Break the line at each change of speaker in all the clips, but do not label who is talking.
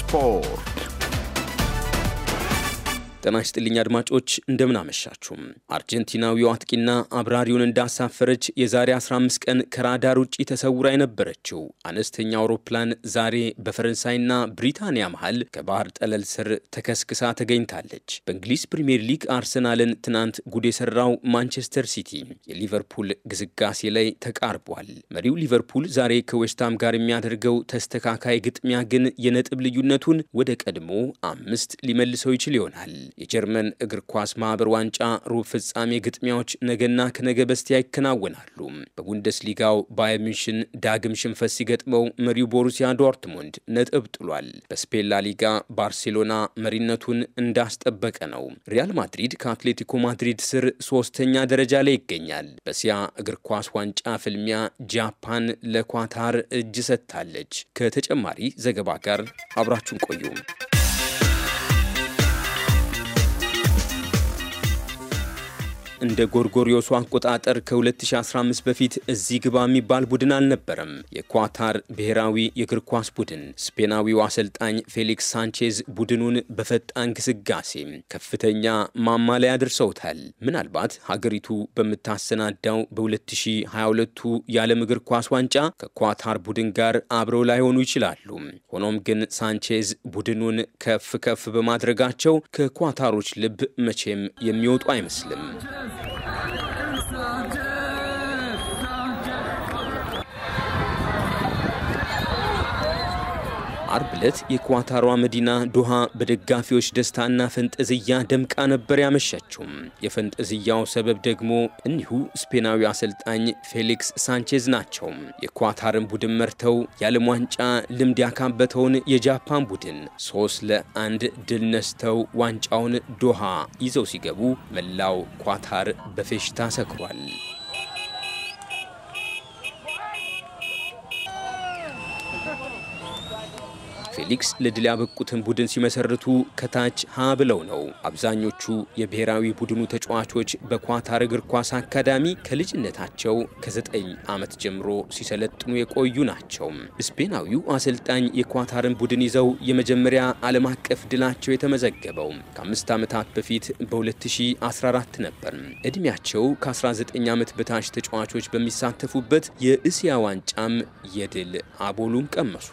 Spor. ጤና ይስጥልኝ አድማጮች፣ እንደምናመሻችሁ። አርጀንቲናዊው አጥቂና አብራሪውን እንዳሳፈረች የዛሬ 15 ቀን ከራዳር ውጪ ተሰውራ የነበረችው አነስተኛ አውሮፕላን ዛሬ በፈረንሳይና ብሪታንያ መሃል ከባህር ጠለል ስር ተከስክሳ ተገኝታለች። በእንግሊዝ ፕሪምየር ሊግ አርሰናልን ትናንት ጉድ የሰራው ማንቸስተር ሲቲ የሊቨርፑል ግስጋሴ ላይ ተቃርቧል። መሪው ሊቨርፑል ዛሬ ከዌስትሃም ጋር የሚያደርገው ተስተካካይ ግጥሚያ ግን የነጥብ ልዩነቱን ወደ ቀድሞ አምስት ሊመልሰው ይችል ይሆናል። የጀርመን እግር ኳስ ማህበር ዋንጫ ሩብ ፍጻሜ ግጥሚያዎች ነገና ከነገ በስቲያ ይከናወናሉ። በቡንደስሊጋው ባየር ሚሽን ዳግም ሽንፈት ሲገጥመው መሪው ቦሩሲያ ዶርትሙንድ ነጥብ ጥሏል። በስፔን ሊጋ ባርሴሎና መሪነቱን እንዳስጠበቀ ነው። ሪያል ማድሪድ ከአትሌቲኮ ማድሪድ ስር ሶስተኛ ደረጃ ላይ ይገኛል። በሲያ እግር ኳስ ዋንጫ ፍልሚያ ጃፓን ለኳታር እጅ ሰጥታለች። ከተጨማሪ ዘገባ ጋር አብራችሁን ቆዩ። እንደ ጎርጎሪዮሱ አቆጣጠር ከ2015 በፊት እዚህ ግባ የሚባል ቡድን አልነበረም። የኳታር ብሔራዊ የእግር ኳስ ቡድን ስፔናዊው አሰልጣኝ ፌሊክስ ሳንቼዝ ቡድኑን በፈጣን ግስጋሴ ከፍተኛ ማማ ላይ አድርሰውታል። ምናልባት ሀገሪቱ በምታሰናዳው በ 2022 የዓለም እግር ኳስ ዋንጫ ከኳታር ቡድን ጋር አብረው ላይሆኑ ይችላሉ። ሆኖም ግን ሳንቼዝ ቡድኑን ከፍ ከፍ በማድረጋቸው ከኳታሮች ልብ መቼም የሚወጡ አይመስልም። John. አርብ ዕለት የኳታሯ መዲና ዶሃ በደጋፊዎች ደስታና ፈንጠዝያ ደምቃ ነበር ያመሻችውም። የፈንጠዝያው ሰበብ ደግሞ እኒሁ ስፔናዊ አሰልጣኝ ፌሊክስ ሳንቼዝ ናቸው። የኳታርን ቡድን መርተው የዓለም ዋንጫ ልምድ ያካበተውን የጃፓን ቡድን ሶስት ለአንድ ድል ነስተው ዋንጫውን ዶሃ ይዘው ሲገቡ መላው ኳታር በፌሽታ ሰክሯል። ፌሊክስ ለድል ያበቁትን ቡድን ሲመሰርቱ ከታች ሀ ብለው ነው። አብዛኞቹ የብሔራዊ ቡድኑ ተጫዋቾች በኳታር እግር ኳስ አካዳሚ ከልጅነታቸው ከዘጠኝ ዓመት ጀምሮ ሲሰለጥኑ የቆዩ ናቸው። ስፔናዊው አሰልጣኝ የኳታርን ቡድን ይዘው የመጀመሪያ ዓለም አቀፍ ድላቸው የተመዘገበው ከአምስት ዓመታት በፊት በ2014 ነበር። ዕድሜያቸው ከ19 ዓመት በታች ተጫዋቾች በሚሳተፉበት የእስያ ዋንጫም የድል አቦሉን ቀመሱ።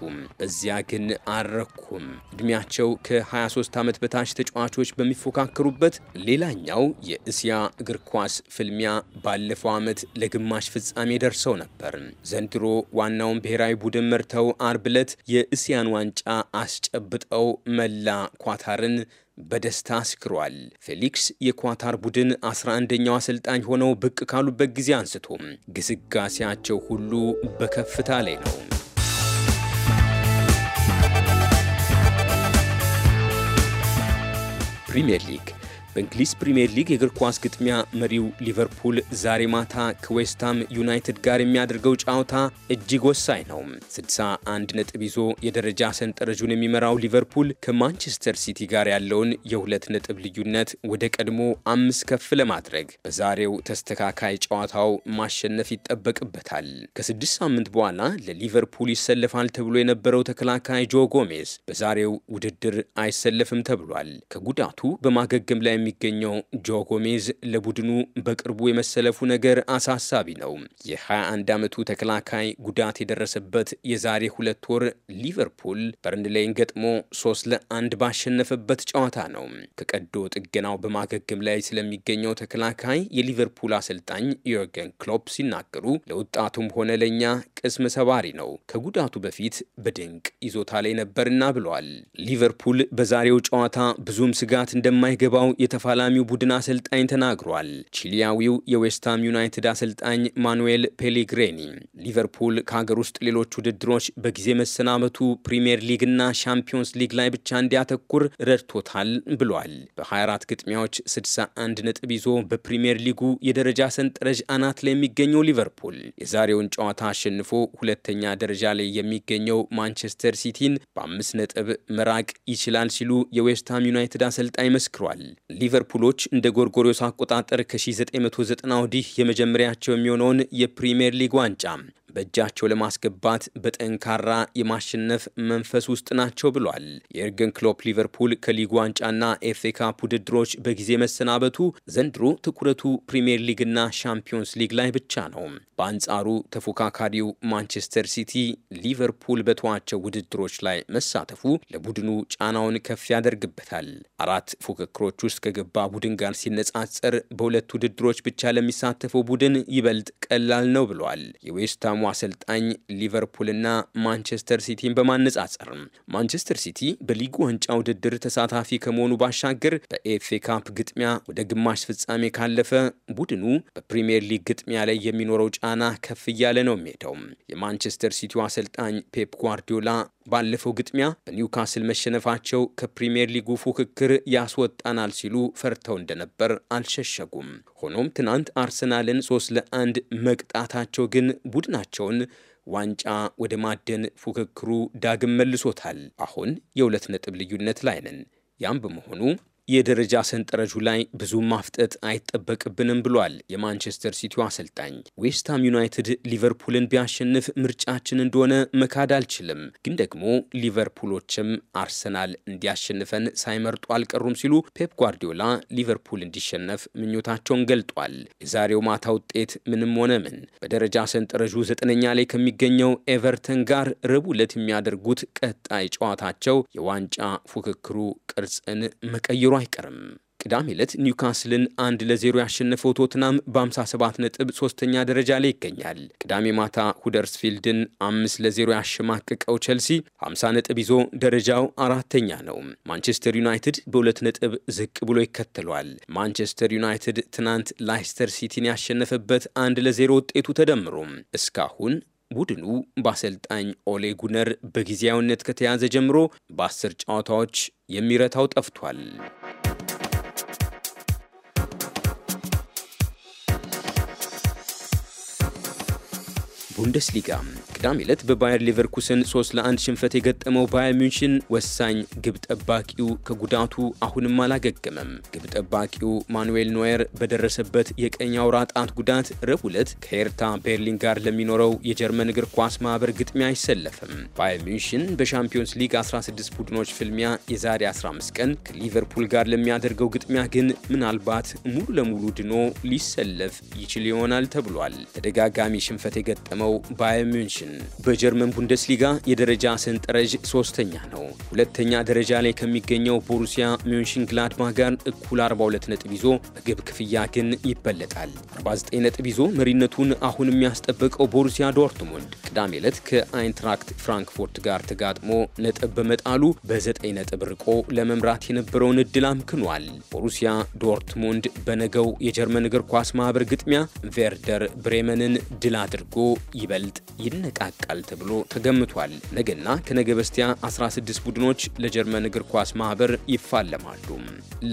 እዚያ ግን አረኩም። እድሜያቸው ከ23 ዓመት በታች ተጫዋቾች በሚፎካከሩበት ሌላኛው የእስያ እግር ኳስ ፍልሚያ ባለፈው ዓመት ለግማሽ ፍጻሜ ደርሰው ነበር። ዘንድሮ ዋናውን ብሔራዊ ቡድን መርተው አርብ ዕለት የእስያን ዋንጫ አስጨብጠው መላ ኳታርን በደስታ አስክሯል። ፌሊክስ የኳታር ቡድን 11ኛው አሰልጣኝ ሆነው ብቅ ካሉበት ጊዜ አንስቶ ግስጋሴያቸው ሁሉ በከፍታ ላይ ነው። Premier League. በእንግሊዝ ፕሪምየር ሊግ የእግር ኳስ ግጥሚያ መሪው ሊቨርፑል ዛሬ ማታ ከዌስትሃም ዩናይትድ ጋር የሚያደርገው ጨዋታ እጅግ ወሳኝ ነው። 61 ነጥብ ይዞ የደረጃ ሰንጠረዡን የሚመራው ሊቨርፑል ከማንቸስተር ሲቲ ጋር ያለውን የሁለት ነጥብ ልዩነት ወደ ቀድሞ አምስት ከፍ ለማድረግ በዛሬው ተስተካካይ ጨዋታው ማሸነፍ ይጠበቅበታል። ከስድስት ሳምንት በኋላ ለሊቨርፑል ይሰለፋል ተብሎ የነበረው ተከላካይ ጆ ጎሜዝ በዛሬው ውድድር አይሰለፍም ተብሏል። ከጉዳቱ በማገገም ላይ የሚገኘው ጆ ጎሜዝ ለቡድኑ በቅርቡ የመሰለፉ ነገር አሳሳቢ ነው። የ21 ዓመቱ ተከላካይ ጉዳት የደረሰበት የዛሬ ሁለት ወር ሊቨርፑል በርንሌይን ገጥሞ 3 ለአንድ ባሸነፈበት ጨዋታ ነው። ከቀዶ ጥገናው በማገገም ላይ ስለሚገኘው ተከላካይ የሊቨርፑል አሰልጣኝ ዮርገን ክሎፕ ሲናገሩ ለወጣቱም ሆነ ለእኛ ቅስም ሰባሪ ነው። ከጉዳቱ በፊት በድንቅ ይዞታ ላይ ነበርና ብለዋል። ሊቨርፑል በዛሬው ጨዋታ ብዙም ስጋት እንደማይገባው የተ የተፋላሚው ቡድን አሰልጣኝ ተናግሯል። ቺሊያዊው የዌስትሃም ዩናይትድ አሰልጣኝ ማኑኤል ፔሌግሬኒ ሊቨርፑል ከሀገር ውስጥ ሌሎች ውድድሮች በጊዜ መሰናበቱ ፕሪምየር ሊግና ሻምፒዮንስ ሊግ ላይ ብቻ እንዲያተኩር ረድቶታል ብሏል። በ24 ግጥሚያዎች 61 ነጥብ ይዞ በፕሪምየር ሊጉ የደረጃ ሰንጠረዥ አናት ላይ የሚገኘው ሊቨርፑል የዛሬውን ጨዋታ አሸንፎ ሁለተኛ ደረጃ ላይ የሚገኘው ማንቸስተር ሲቲን በአምስት ነጥብ መራቅ ይችላል ሲሉ የዌስትሃም ዩናይትድ አሰልጣኝ መስክሯል። ሊቨርፑሎች እንደ ጎርጎሪዮስ አቆጣጠር ከ1990 ወዲህ የመጀመሪያቸው የሚሆነውን የፕሪምየር ሊግ ዋንጫ በእጃቸው ለማስገባት በጠንካራ የማሸነፍ መንፈስ ውስጥ ናቸው ብሏል። የኤርገን ክሎፕ ሊቨርፑል ከሊግ ዋንጫና ኤፍ ካፕ ውድድሮች በጊዜ መሰናበቱ ዘንድሮ ትኩረቱ ፕሪምየር ሊግና ሻምፒዮንስ ሊግ ላይ ብቻ ነው። በአንጻሩ ተፎካካሪው ማንቸስተር ሲቲ ሊቨርፑል በተዋቸው ውድድሮች ላይ መሳተፉ ለቡድኑ ጫናውን ከፍ ያደርግበታል። አራት ፉክክሮች ውስጥ ከገባ ቡድን ጋር ሲነጻጸር በሁለት ውድድሮች ብቻ ለሚሳተፈው ቡድን ይበልጥ ቀላል ነው ብሏል። የዌስትሃሙ አሰልጣኝ ሊቨርፑልና ማንቸስተር ሲቲን በማነጻጸር ማንቸስተር ሲቲ በሊጉ ዋንጫ ውድድር ተሳታፊ ከመሆኑ ባሻገር በኤፍኤ ካፕ ግጥሚያ ወደ ግማሽ ፍጻሜ ካለፈ ቡድኑ በፕሪምየር ሊግ ግጥሚያ ላይ የሚኖረው ጫና ከፍ እያለ ነው የሚሄደው። የማንቸስተር ሲቲው አሰልጣኝ ፔፕ ጓርዲዮላ ባለፈው ግጥሚያ በኒውካስል መሸነፋቸው ከፕሪምየር ሊጉ ፉክክር ያስወጣናል ሲሉ ፈርተው እንደነበር አልሸሸጉም። ሆኖም ትናንት አርሰናልን ሶስት ለአንድ መቅጣታቸው ግን ቡድናቸው መሆናቸውን ዋንጫ ወደ ማደን ፉክክሩ ዳግም መልሶታል። አሁን የሁለት ነጥብ ልዩነት ላይ ነን። ያም በመሆኑ የደረጃ ሰንጠረዡ ላይ ብዙ ማፍጠጥ አይጠበቅብንም ብሏል የማንቸስተር ሲቲው አሰልጣኝ። ዌስትሃም ዩናይትድ ሊቨርፑልን ቢያሸንፍ ምርጫችን እንደሆነ መካድ አልችልም፣ ግን ደግሞ ሊቨርፑሎችም አርሰናል እንዲያሸንፈን ሳይመርጡ አልቀሩም ሲሉ ፔፕ ጓርዲዮላ ሊቨርፑል እንዲሸነፍ ምኞታቸውን ገልጧል። የዛሬው ማታ ውጤት ምንም ሆነ ምን በደረጃ ሰንጠረዡ ዘጠነኛ ላይ ከሚገኘው ኤቨርተን ጋር ረቡዕ ዕለት የሚያደርጉት ቀጣይ ጨዋታቸው የዋንጫ ፉክክሩ ቅርጽን መቀየሩ አይቀርም። ቅዳሜ ዕለት ኒውካስልን አንድ ለዜሮ ያሸነፈው ቶትናም በ57 ነጥብ ሶስተኛ ደረጃ ላይ ይገኛል። ቅዳሜ ማታ ሁደርስፊልድን አምስት ለዜሮ ያሸማቀቀው ቸልሲ 50 ነጥብ ይዞ ደረጃው አራተኛ ነው። ማንቸስተር ዩናይትድ በሁለት ነጥብ ዝቅ ብሎ ይከተሏል። ማንቸስተር ዩናይትድ ትናንት ላይስተር ሲቲን ያሸነፈበት አንድ ለዜሮ ውጤቱ ተደምሮ። እስካሁን ቡድኑ በአሰልጣኝ ኦሌ ጉነር በጊዜያዊነት ከተያዘ ጀምሮ በአስር ጨዋታዎች የሚረታው ጠፍቷል። bundesliga ቅዳሜ ዕለት በባየር ሌቨርኩሰን 3 ለ1 ሽንፈት የገጠመው ባየር ሚንሽን ወሳኝ ግብ ጠባቂው ከጉዳቱ አሁንም አላገገመም። ግብ ጠባቂው ማኑዌል ኖየር በደረሰበት የቀኝ አውራ ጣት ጉዳት ረቡዕ ዕለት ከሄርታ ቤርሊን ጋር ለሚኖረው የጀርመን እግር ኳስ ማህበር ግጥሚያ አይሰለፍም። ባየር ሚንሽን በሻምፒዮንስ ሊግ 16 ቡድኖች ፍልሚያ የዛሬ 15 ቀን ከሊቨርፑል ጋር ለሚያደርገው ግጥሚያ ግን ምናልባት ሙሉ ለሙሉ ድኖ ሊሰለፍ ይችል ይሆናል ተብሏል። ተደጋጋሚ ሽንፈት የገጠመው ባየር ሚንሽን ቡድን በጀርመን ቡንደስሊጋ የደረጃ ሰንጠረዥ ሶስተኛ ነው። ሁለተኛ ደረጃ ላይ ከሚገኘው ቦሩሲያ ሚንሽን ግላድባ ጋር እኩል 42 ነጥብ ይዞ በግብ ክፍያ ግን ይበለጣል። 49 ነጥብ ይዞ መሪነቱን አሁን የሚያስጠብቀው ቦሩሲያ ዶርትሙንድ ቅዳሜ ዕለት ከአይንትራክት ፍራንክፎርት ጋር ተጋጥሞ ነጥብ በመጣሉ በ9 ነጥብ ርቆ ለመምራት የነበረውን እድል አምክኗል። ቦሩሲያ ዶርትሙንድ በነገው የጀርመን እግር ኳስ ማህበር ግጥሚያ ቬርደር ብሬመንን ድል አድርጎ ይበልጥ ይነቃል። ይነቃቃል ተብሎ ተገምቷል። ነገና ከነገ በስቲያ 16 ቡድኖች ለጀርመን እግር ኳስ ማህበር ይፋለማሉ።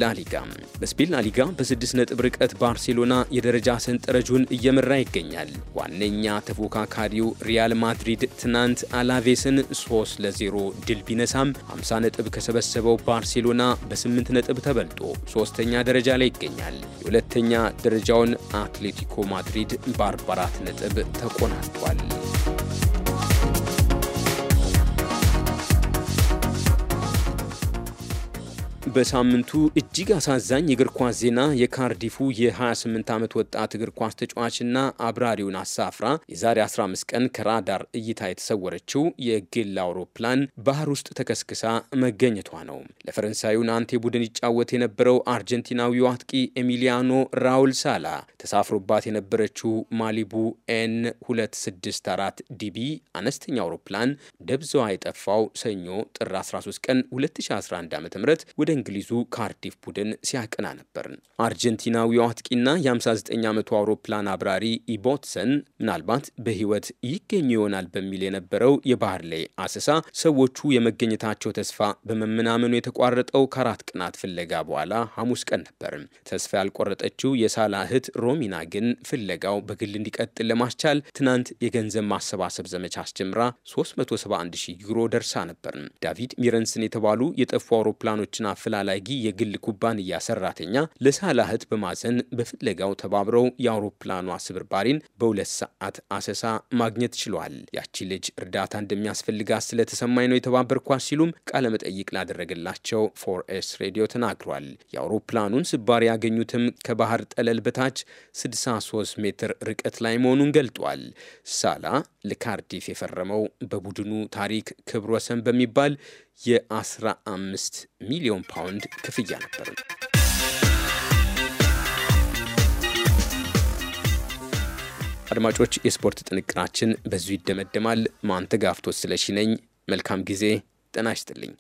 ላሊጋ በስፔን ላሊጋ በ6 ነጥብ ርቀት ባርሴሎና የደረጃ ሰንጠረጁን እየመራ ይገኛል። ዋነኛ ተፎካካሪው ሪያል ማድሪድ ትናንት አላቬስን 3 ለ0 ድል ቢነሳም 50 ነጥብ ከሰበሰበው ባርሴሎና በ8 ነጥብ ተበልጦ ሶስተኛ ደረጃ ላይ ይገኛል። የሁለተኛ ደረጃውን አትሌቲኮ ማድሪድ በ44 ነጥብ ተቆናጥቷል። በሳምንቱ እጅግ አሳዛኝ የእግር ኳስ ዜና የካርዲፉ የ28 ዓመት ወጣት እግር ኳስ ተጫዋችና አብራሪውን አሳፍራ የዛሬ 15 ቀን ከራዳር እይታ የተሰወረችው የግል አውሮፕላን ባህር ውስጥ ተከስክሳ መገኘቷ ነው። ለፈረንሳዩ ናንቴ ቡድን ይጫወት የነበረው አርጀንቲናዊው አጥቂ ኤሚሊያኖ ራውል ሳላ ተሳፍሮባት የነበረችው ማሊቡ ኤን 264 ዲቢ አነስተኛ አውሮፕላን ደብዛዋ የጠፋው ሰኞ ጥር 13 ቀን 2011 ም ወደ የእንግሊዙ ካርዲፍ ቡድን ሲያቀና ነበርን። አርጀንቲናዊው አጥቂና የ59 ዓመቱ አውሮፕላን አብራሪ ኢቦትሰን ምናልባት በሕይወት ይገኙ ይሆናል በሚል የነበረው የባህር ላይ አሰሳ ሰዎቹ የመገኘታቸው ተስፋ በመመናመኑ የተቋረጠው ከአራት ቀናት ፍለጋ በኋላ ሐሙስ ቀን ነበር። ተስፋ ያልቆረጠችው የሳላ እህት ሮሚና ግን ፍለጋው በግል እንዲቀጥል ለማስቻል ትናንት የገንዘብ ማሰባሰብ ዘመቻ አስጀምራ 371 ሺህ ዩሮ ደርሳ ነበር። ዳቪድ ሚረንስን የተባሉ የጠፉ አውሮፕላኖችን አፍላ አፈላላጊ የግል ኩባንያ ሰራተኛ ለሳላ እህት በማዘን በፍለጋው ተባብረው የአውሮፕላኗ ስብርባሪን በሁለት ሰዓት አሰሳ ማግኘት ችሏል። ያቺ ልጅ እርዳታ እንደሚያስፈልጋት ስለተሰማኝ ነው የተባበርኳት ሲሉም ቃለመጠይቅ ላደረገላቸው ፎር ኤስ ሬዲዮ ተናግሯል። የአውሮፕላኑን ስባሪ ያገኙትም ከባህር ጠለል በታች 63 ሜትር ርቀት ላይ መሆኑን ገልጧል። ሳላ ለካርዲፍ የፈረመው በቡድኑ ታሪክ ክብር ወሰን በሚባል የ15 ሚሊዮን ፓውንድ ክፍያ ነበር። አድማጮች፣ የስፖርት ጥንቅራችን በዚሁ ይደመደማል። ማንተጋፍቶ ስለሺ ነኝ። መልካም ጊዜ። ጤና ይስጥልኝ።